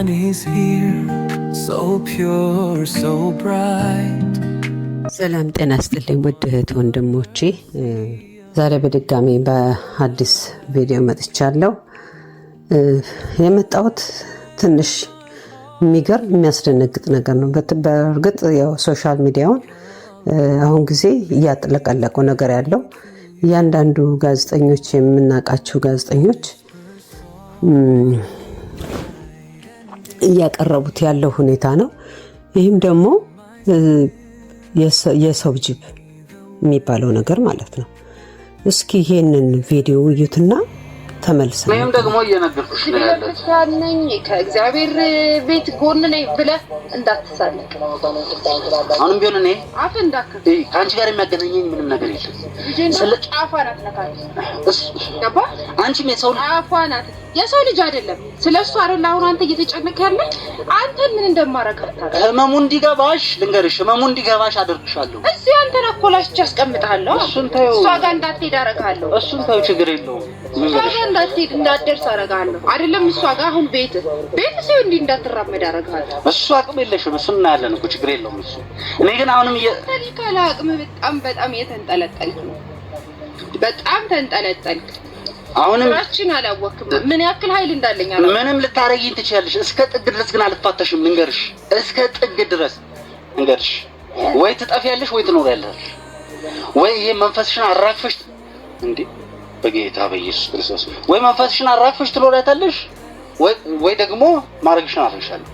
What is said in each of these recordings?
sun is here so pure so bright ሰላም ጤና ስጥልኝ ውድ እህት ወንድሞቼ፣ ዛሬ በድጋሚ በአዲስ ቪዲዮ መጥቻለሁ። የመጣሁት ትንሽ የሚገርም የሚያስደነግጥ ነገር ነው። በእርግጥ ያው ሶሻል ሚዲያውን አሁን ጊዜ እያጥለቀለቀው ነገር ያለው እያንዳንዱ ጋዜጠኞች የምናውቃቸው ጋዜጠኞች እያቀረቡት ያለው ሁኔታ ነው። ይህም ደግሞ የሰው ጅብ የሚባለው ነገር ማለት ነው። እስኪ ይሄንን ቪዲዮ እዩትና ተመልሰን ወይም ደግሞ እየነገርኩሽ ነው ያለች ያለኝ ከእግዚአብሔር ቤት ጎን ነኝ ብለህ እንዳትሳለቅ። አሁንም ቢሆን እኔ አፍ እንዳከ ከአንቺ ጋር የሚያገናኘኝ ምንም ነገር የለም። ስልክ አፏን አትነካት። ገባህ? አንቺም የሰው ልጅ አፏን አት የሰው ልጅ አይደለም። ስለ እሱ አይደል አሁን አንተ እየተጨነቅ ያለ አንተን ምን እንደማረግ አታውቅም። ህመሙ እንዲገባሽ ልንገርሽ፣ ህመሙ እንዲገባሽ አደርግሻለሁ። እዚህ አንተን አኮላሽ ያስቀምጣለሁ። እሷ ጋር እንዳትሄድ አደርግሃለሁ። እሱን ተይው፣ ችግር የለውም እንዳትሄድ እንዳትደርስ አደርግሃለሁ። አይደለም እሷ ጋር አሁን ቤት ቤት ሲሆን እንዲህ እንዳትራመድ አደርግሃለሁ። እሱ አቅም የለሽም። እሱ እናያለን እኮ ችግር የለውም እሱ። እኔ ግን አሁንም ካለ አቅም በጣም በጣም የተንጠለጠልክ ነው። በጣም ተንጠለጠልክ። አሁንም ራችን አላወቅም ምን ያክል ኃይል እንዳለኝ አላወቅም። ምንም ልታረጊኝ ትችያለሽ። እስከ ጥግ ድረስ ግን አልፋተሽም። እንገርሽ እስከ ጥግ ድረስ እንገርሽ ወይ ትጠፊያለሽ ወይ ትኖሪያለሽ ወይ ይሄ መንፈስሽን አራክፈሽ እንዴ በጌታ በኢየሱስ ክርስቶስ ወይ መንፈስሽን አራግፈሽ ትኖሪያታለሽ፣ ወይ ደግሞ ማድረግሽን አድርግሻለሁ።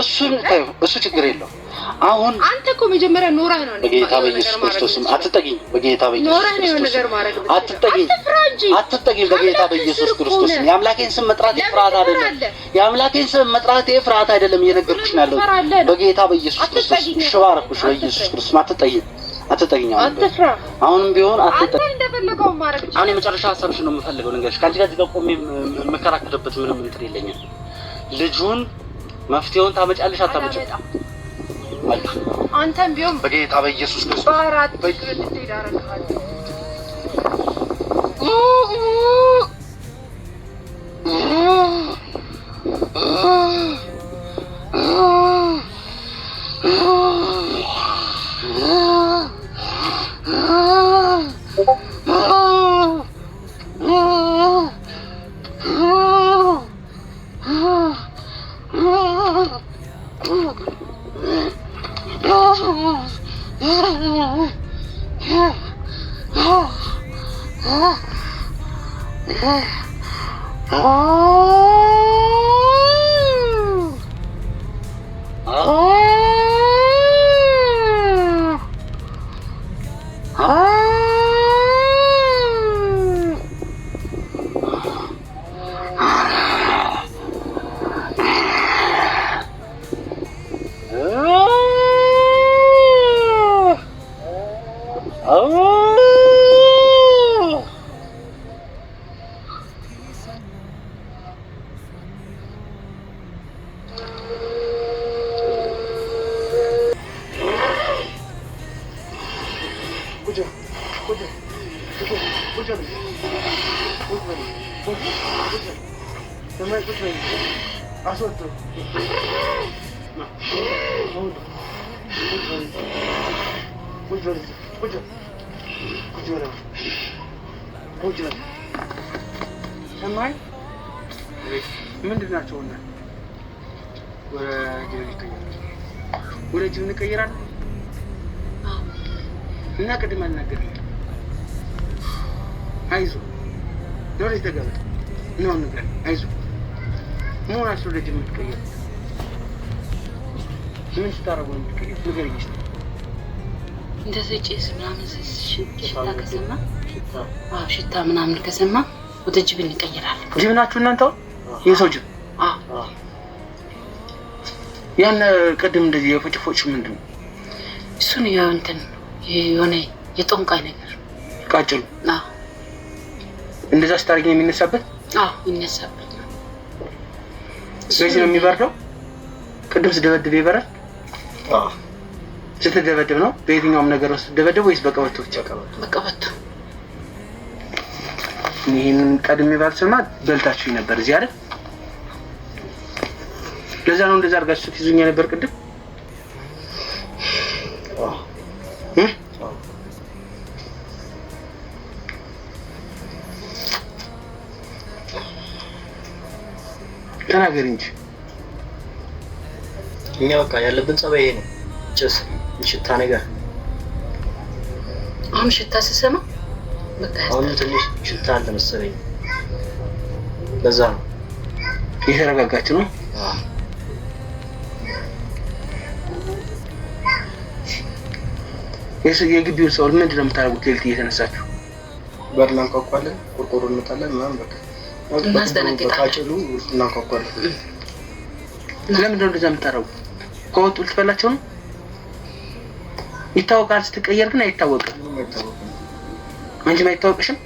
እሱን ታዩ፣ እሱ ችግር የለው። አሁን አንተ እኮ መጀመሪያ ኖረህ ነው። በጌታ በኢየሱስ ክርስቶስ አትጠጊኝ። በጌታ በኢየሱስ ክርስቶስ አትጠጊኝ፣ አትጠጊኝ። በጌታ በኢየሱስ ክርስቶስ የአምላኬን ስም መጥራት የፍርሃት አይደለም። የአምላኬን ስም መጥራት የፍርሃት አይደለም። እየነገርኩሽ ነው ያለው። በጌታ በኢየሱስ ክርስቶስ ሽባረኩሽ። በኢየሱስ ክርስቶስ አትጠጊኝ አትጠጊኛው አሁንም ቢሆን አሁን የመጨረሻ ሀሳብሽ ነው የምፈልገው። ልንገርሽ፣ ከአንቺ ጋር እዚህ ጋር ቆሜ የምከራከርበት ምንም እንትን የለኝም። ልጁን መፍትሄውን ታመጫለሽ አታመጭ? አንተም ቢሆን በጌታ በኢየሱስ ክርስቶስ ሰማኝ ምንድን ናቸው? እና ወደ ጅብ እንቀይራለን እና ቅድም አይዞ ደረጅ ተገበል ነው ንገር አይዞህ መሆን አስወዳጅ የምትቀየር ምን ስታረጉ የምትቀየር ንገር ይስ እንደዚህ ጭስ ምናምን ሽታ ከሰማ ሽታ ምናምን ከሰማ ወደ ጅብ እንቀይራለን። ጅብ ናችሁ እናንተ የሰው ጅብ። ያን ቅድም እንደዚህ የፎጭፎጭ ምንድን ነው? እሱን ያው እንትን የሆነ የጠንቋይ ነገር ቃጭሉ እንደዛ ስታደርጊ ነው የሚነሳበት? አዎ ይነሳበት። ስለዚህ ነው የሚበርደው። ቅድም ስደበድብ ይበራል። ስትደበድብ ነው በየትኛውም ነገር ስትደበድብ ወይስ በቀበቶ ብቻ? በቀበቶ። ይህንን ቀድሜ ባልሰማ በልታችሁ ነበር እዚህ አይደል? ለዛ ነው እንደዛ አድርጋችሁ ስትይዙኝ ነበር ቅድም ተናገር እንጂ እኛ በቃ ያለብን ጸባይ ይሄ ነው። ጭስ ሽታ ነገር አሁን ሽታ ስሰማ አሁን ትንሽ ሽታ አለ መሰለኝ። በዛ ነው የተረጋጋች ነው። የግቢውን ሰው ምንድን ነው የምታደርጉት? ሌሊት እየተነሳችሁ በር ላንኳኳለን፣ ቆርቆሮ እንመታለን ምናምን በቃ ማስደነግጣለን። ነው ነው እንደዛ የምታረጉ? ከወጡ ልትበላቸው ነው። ይታወቃል። ስትቀየር ግን አይታወቅም። አንቺም አይታወቅሽም።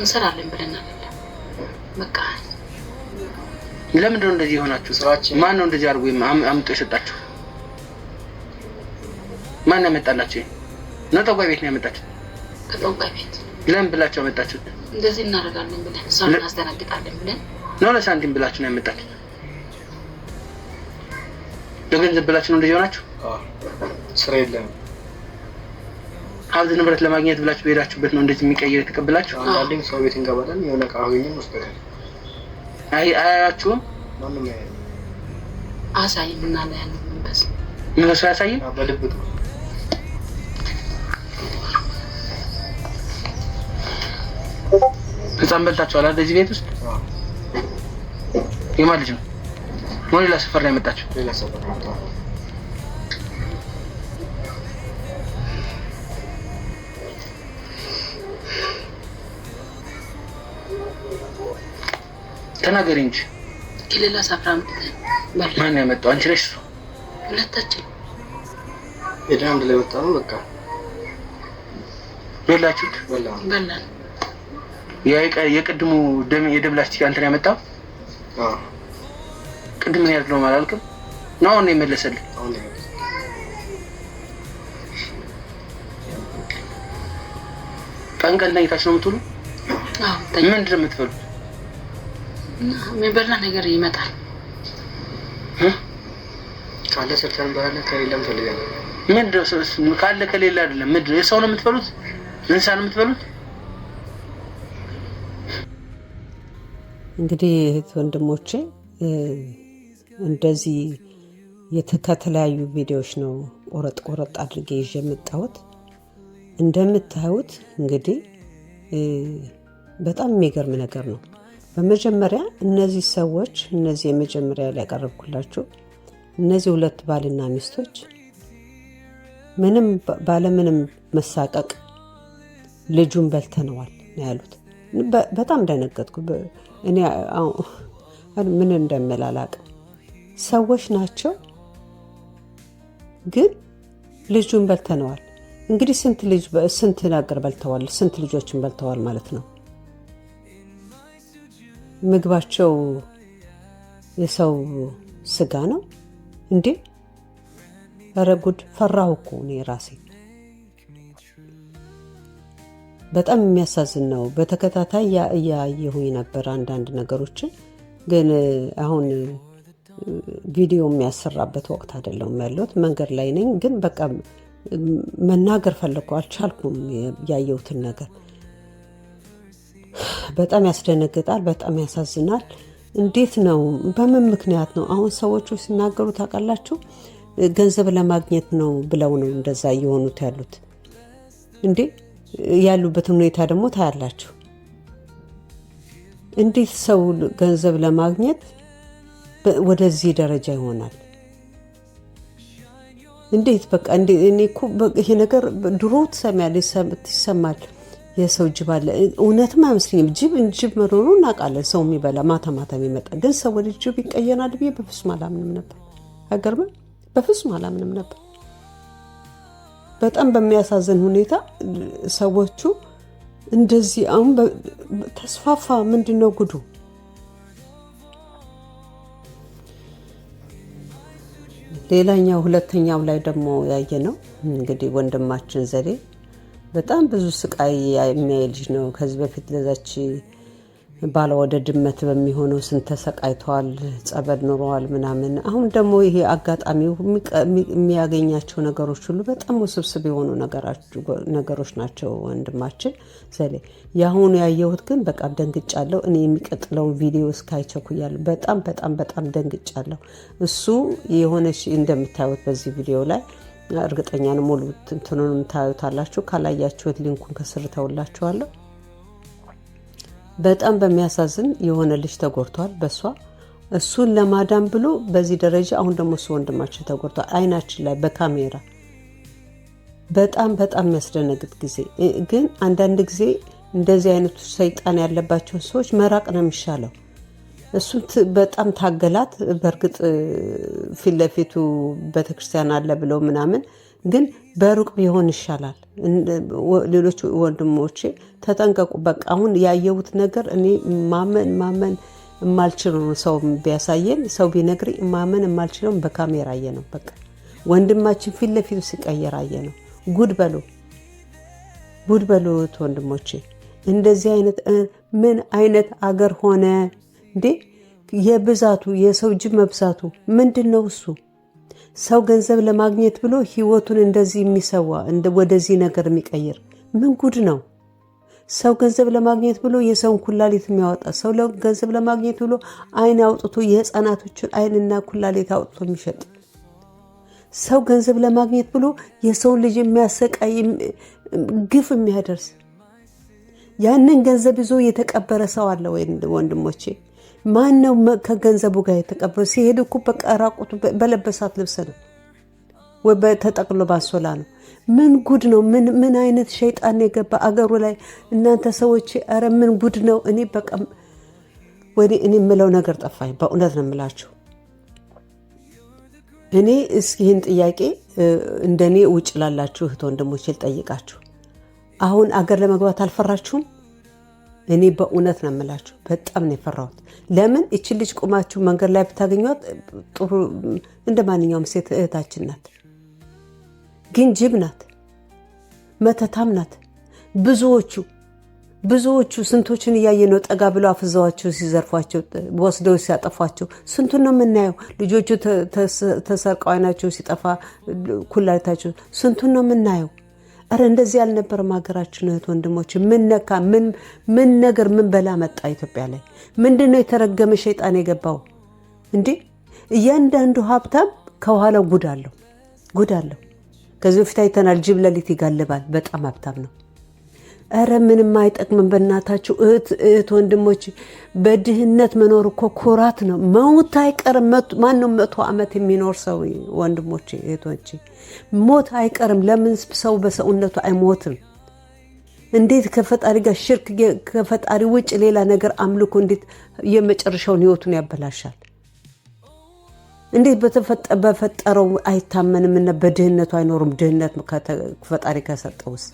እንሰራለን ብለናል። በቃ ነው እንደዚህ የሆናችሁ? ማን ነው እንደዚህ አድርጎ አምጦ የሰጣችሁ? ማን ያመጣላችሁ ነው? ቤት ነው ያመጣችሁ ከጠንቋይ ቤት ለምን ብላችሁ አመጣችሁ? እንደዚህ እናደርጋለን ብለን እሷ እናስደነግጣለን ብለን ነው። ለሳንቲም ብላችሁ ነው ያመጣችሁ? ለገንዘብ ብላችሁ ነው እንደዚህ ሆናችሁ? ስራ የለም ሀብት ንብረት ለማግኘት ብላችሁ በሄዳችሁበት ነው እንደዚህ የሚቀይር የተቀበላችሁ። አንዳንዴ ሰው ቤት እንገባለን የሆነ ዕቃ አገኘን ወስደን አያያችሁም? ምናለ ያለ መንፈስ መንፈሱ አያሳይም በልብ ነው ህፃን በልታችኋል አይደል? እዚህ ቤት ውስጥ የማን ልጅ ነው? ወይ ሌላ ሰፈር ላይ መጣችሁ? ተናገሪ እንጂ ከሌላ ሰፈር አምጥተን ማን ያመጣው? አንቺ ነሽ? ሁለታችን ሄደን አንድ ላይ መጣ ነው። በቃ በላችሁት? በላ የቅድሙ የደም ላስቲክ እንትን ያመጣው ቅድም ምን ያለው አላልክም? ነው አሁን ነው የመለሰልህ። ቀን ቀን ተኝታችሁ ነው የምትውሉ? ምንድን ነው የምትበሉት? የሚበላ ነገር ይመጣል። ካለ ሰርተን በኋላ ከሌለ እንፈልጋለን። ምንድን ነው ካለ ከሌለ አይደለም። ምንድን ነው የሰው ነው የምትበሉት? እንስሳ ነው የምትበሉት? እንግዲህ እህት ወንድሞቼ እንደዚህ ከተለያዩ ቪዲዮዎች ነው ቆረጥ ቆረጥ አድርጌ ይዤ የመጣሁት። እንደምታዩት እንግዲህ በጣም የሚገርም ነገር ነው። በመጀመሪያ እነዚህ ሰዎች እነዚህ የመጀመሪያ ላይ ያቀረብኩላቸው እነዚህ ሁለት ባልና ሚስቶች ምንም ባለምንም መሳቀቅ ልጁን በልተነዋል ነው ያሉት። በጣም ደነገጥኩ። እኔ ምን እንደምል ሰዎች ናቸው ግን ልጁን በልተነዋል። እንግዲህ ስንት ልጅ ስንት ነገር በልተዋል፣ ስንት ልጆችን በልተዋል ማለት ነው። ምግባቸው የሰው ስጋ ነው እንዴ? ኧረ ጉድ! ፈራሁ እኮ እኔ ራሴ በጣም የሚያሳዝን ነው። በተከታታይ እያየሁኝ ነበር አንዳንድ ነገሮችን ግን አሁን ቪዲዮ የሚያሰራበት ወቅት አይደለም ያለሁት፣ መንገድ ላይ ነኝ። ግን በቃ መናገር ፈለግኩ፣ አልቻልኩም። ያየሁትን ነገር በጣም ያስደነግጣል፣ በጣም ያሳዝናል። እንዴት ነው? በምን ምክንያት ነው? አሁን ሰዎቹ ሲናገሩ ታውቃላችሁ፣ ገንዘብ ለማግኘት ነው ብለው ነው እንደዛ እየሆኑት ያሉት እንዴ ያሉበትን ሁኔታ ደግሞ ታያላችሁ። እንዴት ሰው ገንዘብ ለማግኘት ወደዚህ ደረጃ ይሆናል? እንዴት በቃ እኔ እኮ ይሄ ነገር ድሮ ትሰሚያለሽ፣ ይሰማል። የሰው ጅብ አለ። እውነትም አይመስለኝም። ጅብ ጅብ መኖሩ እናውቃለን። ሰው የሚበላ ማታ ማታ የሚመጣ ግን ሰው ወደ ጅብ ይቀየናል ብዬ በፍጹም አላምንም ነበር። አይገርምም? በፍጹም አላምንም ነበር። በጣም በሚያሳዝን ሁኔታ ሰዎቹ እንደዚህ አሁን ተስፋፋ። ምንድን ነው ጉዱ? ሌላኛው ሁለተኛው ላይ ደግሞ ያየ ነው እንግዲህ ወንድማችን ዘሬ በጣም ብዙ ስቃይ የሚያይ ልጅ ነው። ከዚህ በፊት ለዛች ባለወደ ድመት በሚሆነው ስንት ተሰቃይተዋል፣ ጸበል ኑረዋል ምናምን። አሁን ደግሞ ይሄ አጋጣሚው የሚያገኛቸው ነገሮች ሁሉ በጣም ውስብስብ የሆኑ ነገሮች ናቸው ወንድማችን ዘሌ። የአሁኑ ያየሁት ግን በቃ ደንግጫለሁ። እኔ የሚቀጥለውን ቪዲዮ እስካይቸኩያለሁ። በጣም በጣም በጣም ደንግጫለሁ። እሱ የሆነች እንደምታዩት በዚህ ቪዲዮ ላይ እርግጠኛ ሙሉ እንትኑንም ታዩታላችሁ። ካላያችሁት ሊንኩን ከስር ተውላችኋለሁ። በጣም በሚያሳዝን የሆነ ልጅ ተጎድቷል በእሷ እሱን ለማዳን ብሎ በዚህ ደረጃ አሁን ደግሞ እሱ ወንድማችን ተጎድቷል አይናችን ላይ በካሜራ በጣም በጣም የሚያስደነግጥ ጊዜ ግን አንዳንድ ጊዜ እንደዚህ አይነቱ ሰይጣን ያለባቸውን ሰዎች መራቅ ነው የሚሻለው እሱ በጣም ታገላት በእርግጥ ፊት ለፊቱ ቤተክርስቲያን አለ ብለው ምናምን ግን በሩቅ ቢሆን ይሻላል። ሌሎች ወንድሞቼ ተጠንቀቁ። በቃ አሁን ያየሁት ነገር እኔ ማመን ማመን የማልችለው ሰው ቢያሳየን ሰው ቢነግሪ ማመን የማልችለውን በካሜራ አየ ነው። በቃ ወንድማችን ፊት ለፊቱ ሲቀየር አየ ነው። ጉድ በሉ ጉድ በሉት ወንድሞቼ። እንደዚህ አይነት ምን አይነት አገር ሆነ እንዴ? የብዛቱ የሰው እጅ መብዛቱ ምንድን ነው እሱ? ሰው ገንዘብ ለማግኘት ብሎ ህይወቱን እንደዚህ የሚሰዋ ወደዚህ ነገር የሚቀይር ምን ጉድ ነው? ሰው ገንዘብ ለማግኘት ብሎ የሰውን ኩላሊት የሚያወጣ ሰው ገንዘብ ለማግኘት ብሎ አይን አውጥቶ የህፃናቶችን አይንና ኩላሊት አውጥቶ የሚሸጥ ሰው ገንዘብ ለማግኘት ብሎ የሰውን ልጅ የሚያሰቃይ ግፍ የሚያደርስ ያንን ገንዘብ ይዞ የተቀበረ ሰው አለ ወንድሞቼ። ማን ነው ከገንዘቡ ጋር የተቀበለው? ሲሄድ እኮ በቀራቁቱ በለበሳት ልብስ ነው ወይ በተጠቅሎ ባሶላ ነው። ምን ጉድ ነው? ምን አይነት ሸይጣን የገባ አገሩ ላይ እናንተ ሰዎች፣ ኧረ ምን ጉድ ነው? እኔ በቃ ወዲ እኔ የምለው ነገር ጠፋኝ። በእውነት ነው የምላችሁ። እኔ እስኪ ይህን ጥያቄ እንደኔ ውጭ ላላችሁ እህት ወንድሞች ልጠይቃችሁ። አሁን አገር ለመግባት አልፈራችሁም? እኔ በእውነት ነው የምላችሁ፣ በጣም ነው የፈራሁት። ለምን ይቺ ልጅ ቁማችሁ መንገድ ላይ ብታገኟት ጥሩ፣ እንደ ማንኛውም ሴት እህታችን ናት፣ ግን ጅብ ናት፣ መተታም ናት። ብዙዎቹ ብዙዎቹ ስንቶችን እያየ ነው ጠጋ ብለው አፍዘዋቸው ሲዘርፏቸው ወስደው ሲያጠፏቸው ስንቱን ነው የምናየው። ልጆቹ ተሰርቀው አይናቸው ሲጠፋ ኩላሊታቸው ስንቱን ነው የምናየው። አረ እንደዚህ ያልነበረም ሀገራችን እህት ወንድሞች፣ ምን ነካ? ምን ነገር ምን በላ መጣ ኢትዮጵያ ላይ? ምንድን ነው የተረገመ ሸይጣን የገባው እንዴ? እያንዳንዱ ሀብታም ከኋላው ጉድ አለው፣ ጉድ አለው። ከዚህ በፊት አይተናል። ጅብ ይጋልባል። በጣም ሀብታም ነው። እረ ምንም አይጠቅምም። በእናታችሁ እህት እህት ወንድሞች፣ በድህነት መኖር እኮ ኩራት ነው። መውት አይቀርም። ማንም መቶ ዓመት የሚኖር ሰው ወንድሞች፣ እህቶች፣ ሞት አይቀርም። ለምን ሰው በሰውነቱ አይሞትም? እንዴት ከፈጣሪ ጋር ሽርክ፣ ከፈጣሪ ውጭ ሌላ ነገር አምልኮ እንዴት የመጨረሻውን ህይወቱን ያበላሻል? እንዴት በፈጠረው አይታመንም እና በድህነቱ አይኖርም? ድህነት ፈጣሪ ከሰጠውስ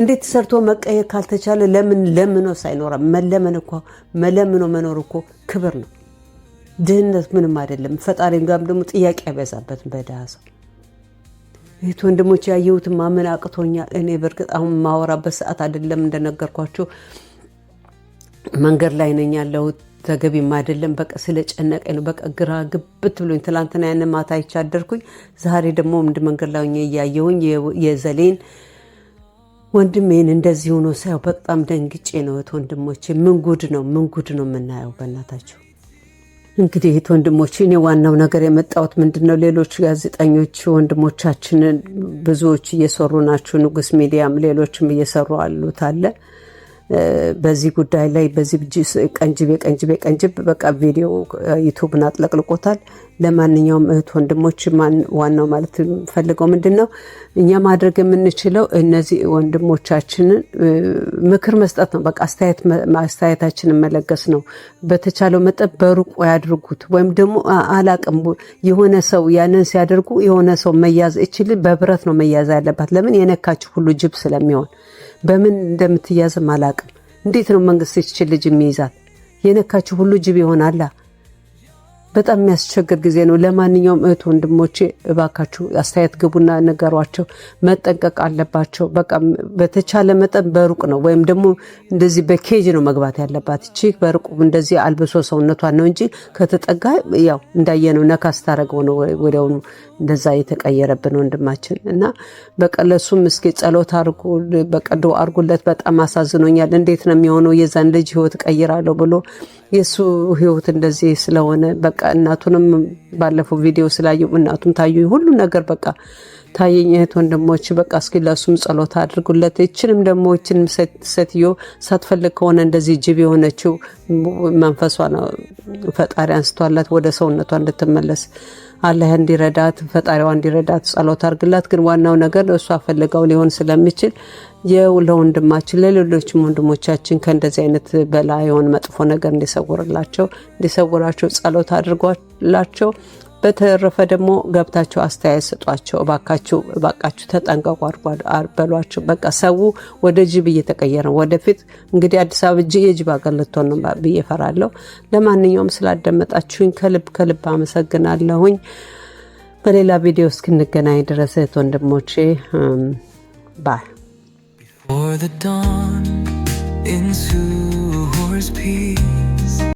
እንዴት ሰርቶ መቀየር ካልተቻለ ለምን ለምኖ ሳይኖራ መለመን እኮ መለምኖ መኖር እኮ ክብር ነው። ድህነት ምንም አይደለም። ፈጣሪም ጋም ደግሞ ጥያቄ አይበዛበትም። በድሃ ሰው ይህት ወንድሞች ያየሁት ማመን አቅቶኛል። እኔ በእርግጥ አሁን ማወራበት ሰዓት አይደለም። እንደነገርኳችሁ መንገድ ላይ ነኝ ያለሁት ተገቢም አይደለም። በቃ ስለጨነቀኝ ነው። በቃ ግራ ግብት ብሎኝ ትላንትና ያንን ማታ ይቻደርኩኝ ዛሬ ደግሞ እንድ መንገድ ላይ እያየሁኝ የዘሌን ወንድሜን እንደዚህ ሆኖ ሳየው በጣም ደንግጬ ነው። እህት ወንድሞቼ፣ ምን ጉድ ነው ምን ጉድ ነው የምናየው? በእናታቸው እንግዲህ እህት ወንድሞቼ፣ እኔ ዋናው ነገር የመጣሁት ምንድን ነው፣ ሌሎች ጋዜጠኞች ወንድሞቻችንን ብዙዎች እየሰሩ ናቸው። ንጉስ ሚዲያም ሌሎችም እየሰሩ አሉት አለ በዚህ ጉዳይ ላይ በዚህ ቀንጅቤ ቀንጅቤ ቀንጅብ በቃ ቪዲዮ ዩቱብን አጥለቅልቆታል። ለማንኛውም እህት ወንድሞች ዋናው ማለት ፈልገው ምንድን ነው እኛ ማድረግ የምንችለው እነዚህ ወንድሞቻችንን ምክር መስጠት ነው። በቃ አስተያየታችንን መለገስ ነው። በተቻለው መጠን በሩቅ ያድርጉት። ወይም ደግሞ አላቅም የሆነ ሰው ያንን ሲያደርጉ የሆነ ሰው መያዝ እችል በብረት ነው መያዝ ያለባት። ለምን የነካችሁ ሁሉ ጅብ ስለሚሆን በምን እንደምትያዝም አላቅም። እንዴት ነው መንግስት ይችል ልጅ የሚይዛት? የነካችሁ ሁሉ ጅብ ይሆናላ። በጣም የሚያስቸግር ጊዜ ነው። ለማንኛውም እህት ወንድሞቼ እባካችሁ አስተያየት ግቡና ነገሯቸው። መጠንቀቅ አለባቸው። በቃ በተቻለ መጠን በሩቅ ነው ወይም ደግሞ እንደዚህ በኬጅ ነው መግባት ያለባት እቺ በሩቁ እንደዚህ አልብሶ ሰውነቷን ነው እንጂ ከተጠጋ ያው እንዳየነው ነካ ስታደርገው ነው ወዲያውኑ እንደዛ የተቀየረብን ወንድማችን እና በቃ ለሱም እስኪ ጸሎት አርጉ፣ በቀዶ አርጉለት። በጣም አሳዝኖኛል። እንዴት ነው የሚሆነው የዛን ልጅ ህይወት ቀይራለሁ ብሎ የእሱ ህይወት እንደዚህ ስለሆነ በቃ እናቱንም ባለፈው ቪዲዮ ስላየው እናቱም ታዩ ሁሉ ነገር በቃ ታየኝ። እህት ወንድሞች በቃ እስኪ ለእሱም ጸሎት አድርጉለት። ይችንም ደግሞ ይችንም ሴትዮ ሳትፈልግ ከሆነ እንደዚህ ጅብ የሆነችው መንፈሷ ነው ፈጣሪ አንስቷላት ወደ ሰውነቷ እንድትመለስ አላህ እንዲረዳት ፈጣሪዋ እንዲረዳት ጸሎት አድርግላት። ግን ዋናው ነገር እሷ ፈልገው ሊሆን ስለሚችል ለወንድማችን ለሌሎችም ወንድሞቻችን ከእንደዚህ አይነት በላይ የሆን መጥፎ ነገር እንዲሰውርላቸው እንዲሰውራቸው ጸሎት አድርጓላቸው። በተረፈ ደግሞ ገብታችሁ አስተያየት ስጧቸው። እባካችሁ እባካችሁ ተጠንቀቁ በሏቸው። በቃ ሰው ወደ ጅብ እየተቀየረ ወደፊት እንግዲህ አዲስ አበባ እጅ የጅብ አገር ልትሆን ነው ብዬ እፈራለሁ። ለማንኛውም ስላደመጣችሁኝ ከልብ ከልብ አመሰግናለሁኝ። በሌላ ቪዲዮ እስክንገናኝ ድረስ እህት ወንድሞቼ ባይ For the dawn in Suhor's peak